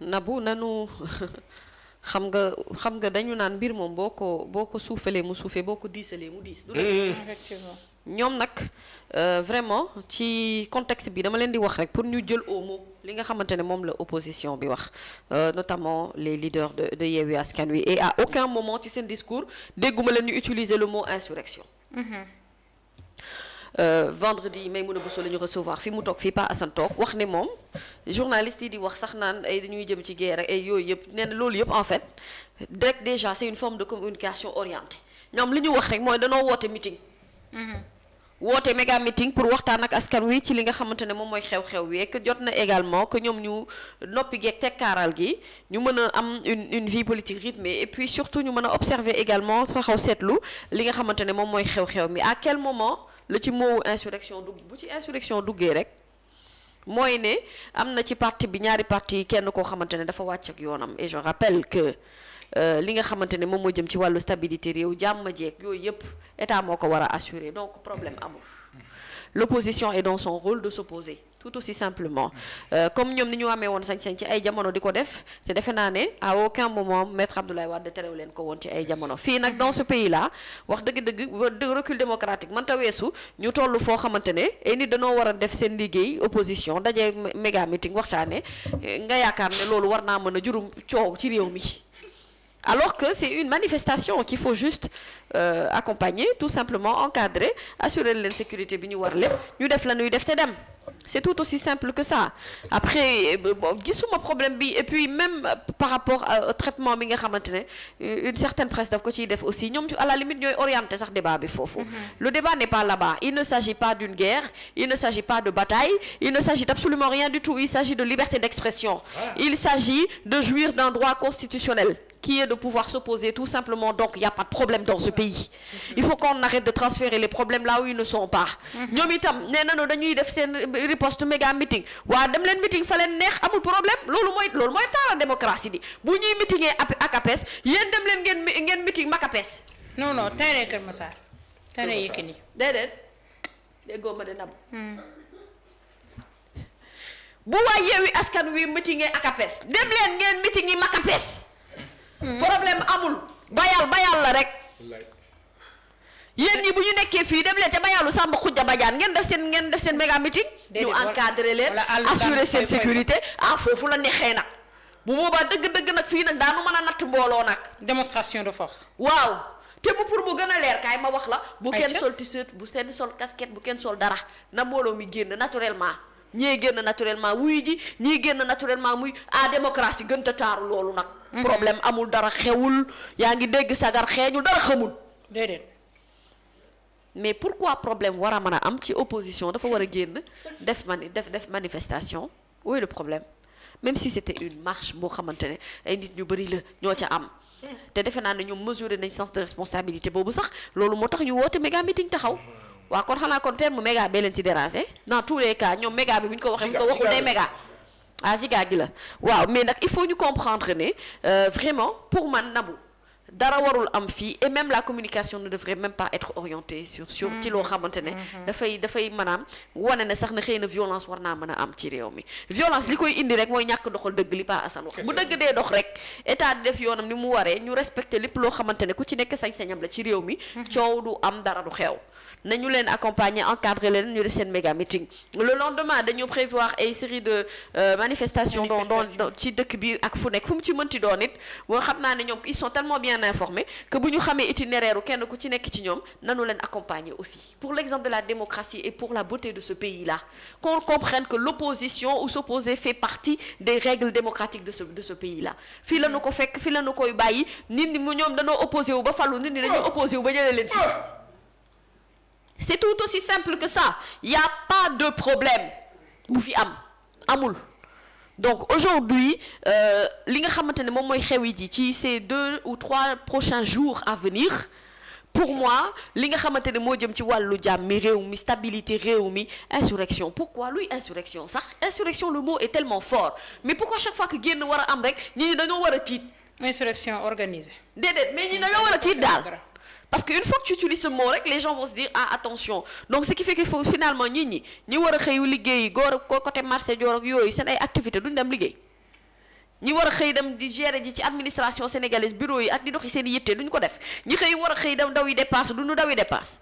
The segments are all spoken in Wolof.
Nabou nanu xam nga xam nga dañu naan mbir moom boo ko boo ko suufalee mu suufee boo ko diisalee mu diis. du mm-hmm. Mm-hmm. effectivement ñoom nag euh, vraiment ci contexte bi dama leen di wax rek pour ñu jël au mot li nga xamante ne moom la opposition bi wax euh, notamment les leaders de de Yewwi Askan Wi e à aucun moment ci seen discours dégguma leen ñu utiliser le mot insurrection. Mm-hmm. Euh, vendredi Maymouna Bousso la ñu recevoir fi mu toog fii pas Assane toog wax ne moom journaliste yi di wax sax naan ay dañuy jëm ci guerre ak ay yooyu yëpp nee na loolu yëpp en fait direct déjà c'est une forme de communication orientée ñoom li ñu wax rek mooy danoo woote meeting. Mhm. woote méga meeting pour waxtaan ak askan wi ci li nga xamante ne moom mooy xew-xew wi jot na également que ñoom ñu noppi geeg tekkaaral gi ñu mën a am une une vie politique rythmée et puis surtout ñu mën a observer également taxaw seetlu li nga xamante ne moom mooy xew-xew mi à quel la ci moowu insurection dugg bu ci insurrection duggee rek mooy ne am na ci parti bi ñaari parti yi kenn koo xamante ne dafa wàcc ak yoonam et je rappelle que euh, li nga xamante ne moom moo jëm ci wàllu stabilité réew jàmm jeeg yooyu yëpp état moo ko war a assurer donc problème amul l'opposition est dans son rôle de s'opposer tout aussi simplement euh, comme ñoom ni ñu amee woon sañ-sañ ci ay jamono di ko def te defe naa ne à aucun moment maître Abdoulaye Wade terew leen ko woon ci ay jamono fii nag dans ce pays la wax dëgg-dëgg recul démocratique man ta weesu ñu toll foo xamante ne ay nit dañoo war a def seen liggéey opposition dajee méga meeting waxtaane nga yaakaar ne loolu war naa mën a jurum coow ci réew mi alors que c'est une manifestation qu'il faut juste euh, accompagner tout simplement encadrer assurer leen sécurité bi ñu war lépp ñu def la ñuy def te dem c'est tout aussi simple que ça après euh, gisuma problème bi et puis même euh, par rapport euh, au traitement bi nga xamante ne une certaine presse daf ko ciy def aussi ñoom à la limite ñooy orienté sax débat bi foofu mm-hmm. le débat n'est pas là-bas il ne s'agit pas d'une guerre il ne s'agit pas de bataille il ne qui est de pouvoir s'opposer tout simplement donc il y a pas de problème dans ce pays il faut qu'on arrête de transférer les problèmes là où ne sont pas ñoom itam nee nañu dañuy def seen riposte méga meeting waa dem leen meeting fa leen neex amul problème loolu mooy loolu mooy taala démocratie bi bu ñuy meetingee ak APES yéen dem leen ngeen ngeen meeting maka APES non non terrain Kër Massar terrain Yékini de nab hmm. bu waa Yewwi Askan Wi meetingee ak APES dem leen ngeen meeting yi mak APES problème amul bayal bayal la rek yéen ñi bu ñu nekkee fii dem leen te bayalu Samba Khoudia Badiane ngeen def seen ngeen def seen méga meeting ñu encadré leen assurer seen sécurité ah foofu la nexee nag bu boobaa dëgg-dëgg nag fii nag daanu mën a natt mbooloo nag démonstration de force waaw te bu pour mu gën a leer kaay ma wax la bu kenn sol t-shirt bu kenn sol casquette bu kenn sol dara na mbooloo mi génn naturellement ñii génn naturellement wuy ji ñii génn naturellement muy ah démocratie gën a taaru loolu nag. Mhm. problème amul dara xewul yaa ngi dégg sagar xeeñu dara xamul. déedéet. mais pourquoi problème war a mën a am ci opposition dafa war a génn def mani def def manifestation où est le problème même si c'était une marche boo xamante ne ay nit ñu bari la ñoo ca am. Mhm. te defe naa ne ñoom mesurer nañ sens de responsabilité boobu sax loolu moo tax ñu woote méga meeting taxaw. waaw kon xanaa kon terme méga bee leen ci déranger dans tous les cas ñoom méga bi bu ñu ko waxee. ñu ko waxul day méga. ah giga gi la waaw mais nag il faut ñu comprendre ne euh, vraiment pour man nabu dara warul am fii et même la communication ne devrait même pas être orientée sur sur ci loo xamante ne. Mm-hmm. dafay dafay maanaam wane na sax na xëy na violence war naa mën a am ci réew mi. violence li koy indi rek mooy ñàkk doxal dëgg li pas asan wax bu dëgg dee dox rek état def yoonam ni mu waree ñu respecté lépp loo xamante ne ku ci nekk sañ-sañam la ci réew mi. Mm-hmm. coow du am dara du xew. nañu leen accompagner encadrer leen ñu def seen méga meeting le lendemain dañu prévoir ay série de euh, manifestations don ci dëkk bi ak fu nekk fu mu ci mënti doon it boo xam naa ne ñoom ils sont tellement bien informés que bu ñu xamee itinéraire kenn ku ci nekk ci ñoom nanu leen accompagner aussi pour l'exemple de la démocratie et pour la beauté de ce pays-là qu'on comprenne que l'opposition ou s'opposer fait partie des règles démocratiques de ce de ce pays fii la ñu ko fekk fii la ñu koy bàyyi nit ñi ñoom dañoo opposé wu ba falu nit ñi dañoo wu ba jëlee leen fii c'est tout aussi simple que ça il y a pas de problème bu fi am amul donc aujourd'hui euh, li nga xamante ne moom mooy xewi ji ci ces deux ou trois prochains jours à venir pour moi li nga xamante ne moo jëm ci wàllu jàmm mi réew mi stabilité réew mi insurrection pourquoi luy insurrection sax insurrection le mot est tellement fort mais pourquoi chaque fois que génn war a am rek ñi ni dañoo war a tiit insurrection organisée déedéet mais ñi dañoo war a tiit daal parce que une fois que tu utilises ce mot rek les gens vont ah, attention donc ce qui fait que finalement nit ñi ñi war a xëyu liggéeyi góor ak ko côté marché joor ak yooyu seen ay activité duñ dem liggéey ñi war a xëy dem di gérer ji ci administration sénégalaise bureau yi ak di doxi seen yitte duñ ko def ñi xëy war a xëy dem daw yi dépasse duñu daw yi dépasse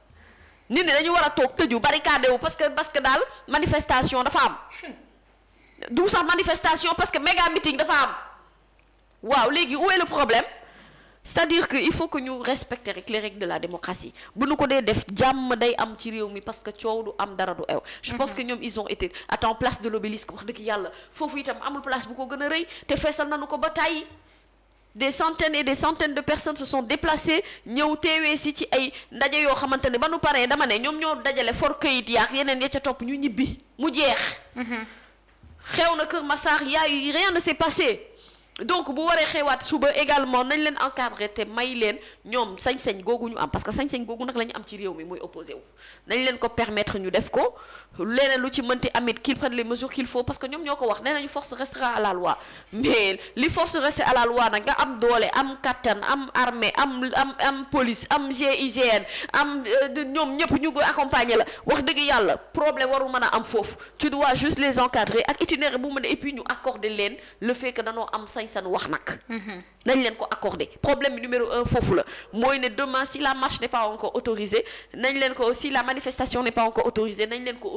nit ñi dañu war a toog tëju barricade wu parce que parce que daal manifestation dafa am du sax manifestation parce que méga meeting dafa am waaw léegi où problème c'est-à-dire que il faut que ñu respecter rek les règles de la démocratie bu nu ko dee def jàmm day am ci réew mi parce que coow du am dara du ew je pense mhm. que ñoom ils ont été à temps place de l'obélisque wax dëgg yàlla foofu itam amul place bu ko gën a rëy te feesal nañu ko ba tàyyi des centaines et des centaines de personnes se sont déplacées ñëw teewee si ci ay ndaje yoo xamante ne ba nu paree dama ne ñoom ñoo dajale for këyit yaak yeneen ya ca topp ñu ñibbi mu jeex mhm. xew na Kër Massar yaayu rien ne s'est passé donc bu waree xewaat suba également nañ leen encadré te may leen ñoom sañ-sañ googu ñu am parce que sañ-sañ googu nag lañu am ci réew mi muy opposé wu nañ leen ko permettre ñu def ko leneen lu ci mënti amit qu'il prenne les mesures qu'il faut parce que ñoom ñoo ko wax nee nañu force restera à la loi mais li force reste à la loi nag nga am doole am kattan am armée am am police am GIGN am euh, ñoom ñëpp ñu ko accompagner la wax dëgg yàlla problème warul mën a am foofu tu dois juste les encadrer ak itinéraire bu mën a et puis ñu accorder leen le fait que danoo am sañ wax nag. Mhm. nañ leen ko accorder problème numéro un foofu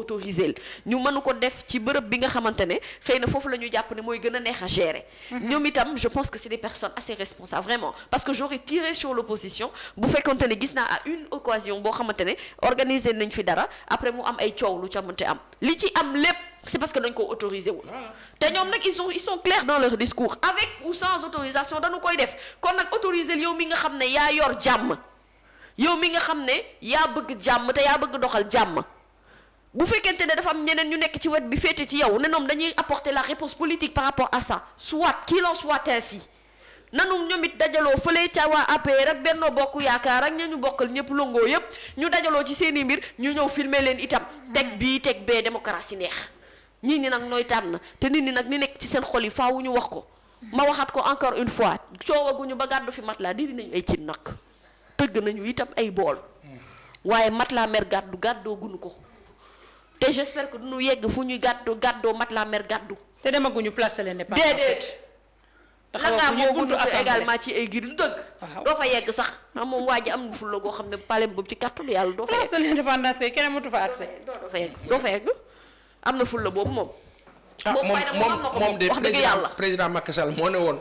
autorisé ñu mënu ko def ci bërëb bi nga xamante ne xëy na foofu la ñu jàpp ne mooy gën a neex a gérer. Mhm. ñoom itam je pense que c'est des personnes assez responsables vraiment parce que j'aurais tiré sur l'opposition bu fekkonte ne gis naa à une occasion boo xamante ne organiser nañ fi dara après mu am ay coow lu ca mënte am li ci am lépp. c'est parce que dañ ko autorisé woon ah. te ñoom nag ils sont ils sont clairs dans leur discours avec ou sans autorisation dañu koy def kon nag autorisé yow mi nga xam ne yaa yor jàmm yow mi nga xam ne yaa bëgg jàmm te bëgg doxal jàmm bu fekkente ne dafa am ñeneen ñu nekk ci wet bi féete ci yow ne ñoom dañuy apporter la réponse politique par rapport à ça soit qu'il en soit ainsi nanu ñoom it dajaloo fële ca waa APR ak benn Bokk Yaakaar ak ña ñu bokkal ñëpp longoo yëpp ñu dajaloo ci seen i mbir ñu ñëw filmer leen itam teg bii teg bee démocratie neex ñii ñi nag nooy tànn te nit ñi nag ni nekk ci seen xol yi faaw ñu wax ko ma waxaat ko encore une fois coowaguñu ba gàddu fi matelas dindi nañu ay cin nag tëgg nañu itam ay bool mm. waaye matelas mer gàddu gàddoo ko te j'espère que duñu yegg fu ñuy gàddu gàddoo mat la mer gàddu. te demaguñu place de l'indépendance. déedéet la ngaa moo buntu également ci ay gir du dëgg. doo fa yegg sax xam ah, moom waa ji am ful la goo xam ne palais boobu ci kàttanu yàlla doo fa yegg. place de l'indépendance kay kenn mënatu fa accès. doo fa yegg doo fa yegg am na ful la boobu moom. ah moom moom moom de président président Macky Sall moo ne woon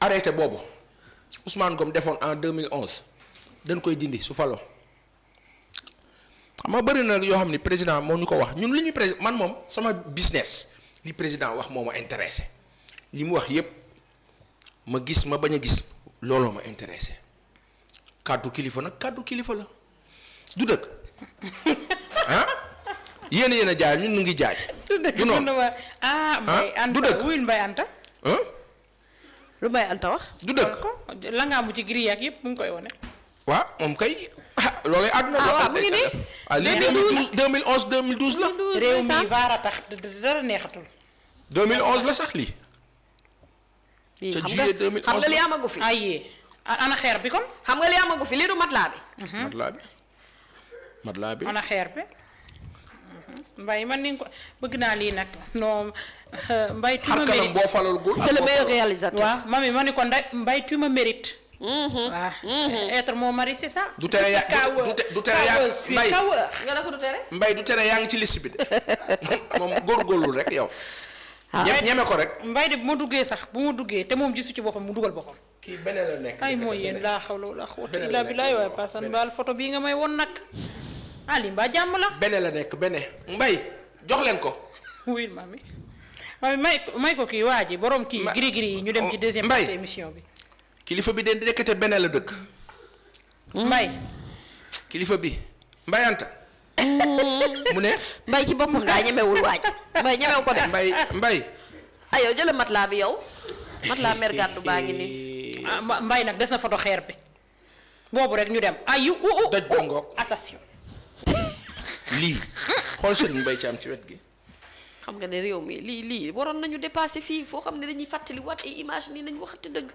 arrêté boobu Ousmane Gom defoon en 2011 dañ koy dindi su falo xam nga bëri na yoo xam ne président moo ñu ko wax ñun li ñu président man moom sama business li président wax moom ma intéressé li mu wax yépp ma gis ma bañ a gis looloo ma intéressé kàddu kilifa nag kàddu kilifa la du dëkk ah yéen yéen a jaay ñun ñu ngi jaay. du dëgg noonu ah, ah Mbaye Anta wuyul Mbaye ah? ci gri ak yépp mu ngi koy wane. waaw moom kay. loolay àdduna. ah waaw mu ngi nii. ah lii 2012 2011 2012 la. 2012 réew mi vaar a tax dara neexatul. 2011 la sax lii. ca juillet 2011 xam nga li amagu fi. ayé ana xeer bi kon. xam nga li amagu fi lii du matelas bi. Mhm. matelas bi matelas bi. ana xeer bi. Mhm. Mbaye man ni ko bëgg naa lii nag non euh, Mbaye. tu ma mérite xar boo falal góor. c'est le meilleur réalisateur. mami ma ni ko mbay tu ma mérite. waaw mm-hmm. ah, mm-hmm. être mon mari c'est ça. du tere yaa du tere yaa mbay nga ne ko du tere. mbay du tere yaa ngi ci liste bi de moom góorgóorlu rek yow. ah ñeme ko rek. mbay de bu ma duggee sax bu ma duggee te moom gisu ci boppam mu dugal boppam. kii beneen la nekk ay mooy yéen laa xaw la xóota illaa billaay waaye paasan baal photo bii nga may woon nag. Ali mbaa jàmm la. beneen la nekk beneen mbay jox leen ko. wuy mami may may ko kii waa ji borom kii. giri giri yi ñu dem ci oh, deuxième mbay émission bi. kilifa bi de ndekete beneen la dëkk. mbay. kilifa bi mbayanta mu ne. mbay ci boppam daa ñemewul waaj. mbay ñemew ko de. mbay mbay. yow jëla laa bi yow. matelas mer gàddu baa ngi nii. Ah, mbay nag des na foto xeer bi. boobu rek ñu dem ay yu u u. doj ba ngoog oh, lii xool sëriñ mbay caam ci wet gi. xam nga ne réew mi lii lii waroon nañu dépasser fii foo xam ne dañuy fàttaliwaat ay image nii nañu waxati dëgg.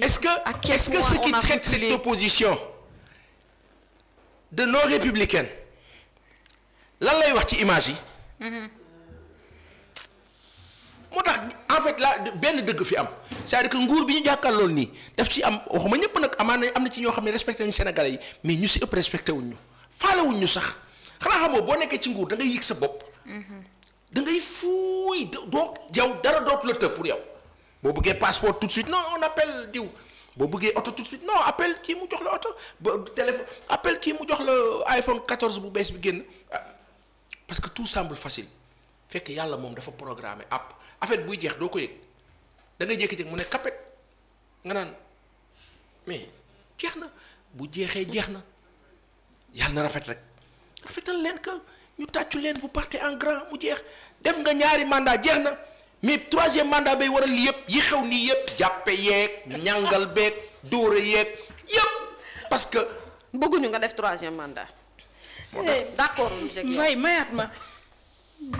Est-ce que, est-ce que ceux qui traitent cette opposition de nos républicaines lan lay wax ci image yi. Mhm. moo tax en fait la benn dëgg fi am cest à que nguur bi ñu lool nii def ci am waxuma ñëpp nag amaan na am na ci ñoo xam ne respecté nañu Sénégalais yi mais ñu si ëpp respecté wuñ ñu faalewuñ ñu sax xanaa xamoo boo nekkee ci nguur da ngay yëg sa bopp. Mhm. da ngay fuuy doo jaw dara dootu la tëb pour yow. boo bëggee passeport tout de suite non on appelle diw boo bëggee oto tout de suite non appel kii mu jox la oto ba téléphone appel kii mu jox la iPhone 14 bu bees bi génn ah, parce que tout semble facile fekk yàlla moom dafa programme app affaire buy jeex doo ko yëg da ngay jékki-jékki mu ne kapet nga naan mais jeex na bu jeexee jeex na yàlla na rafet rek rafetal leen que ñu tàccu leen bu partez en grand mu jeex def nga ñaari mandat jeex na. mais troisième mandat bay waral yëpp yi xew nii yëpp jàppe yeeg ñàngal beeg dóore yeeg yëpp parce que. bëgguñu nga def troisième mandat. moo tax eh, d' accord. waaye mayaat ma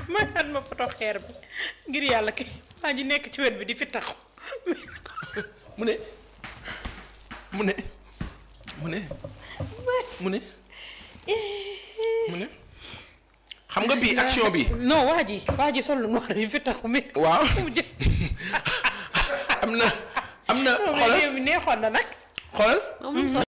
mayaat ma photo xeer bi ngir yàlla kay waa ji nekk ci wet bi di fi taxaw. mu ne mu ne mu ne mu ne. xam nga bii action bi. non waa ji waa ji sol lu noir yi fi taxu mi. waaw am na am na. xoolal neexoon na nag. xoolal.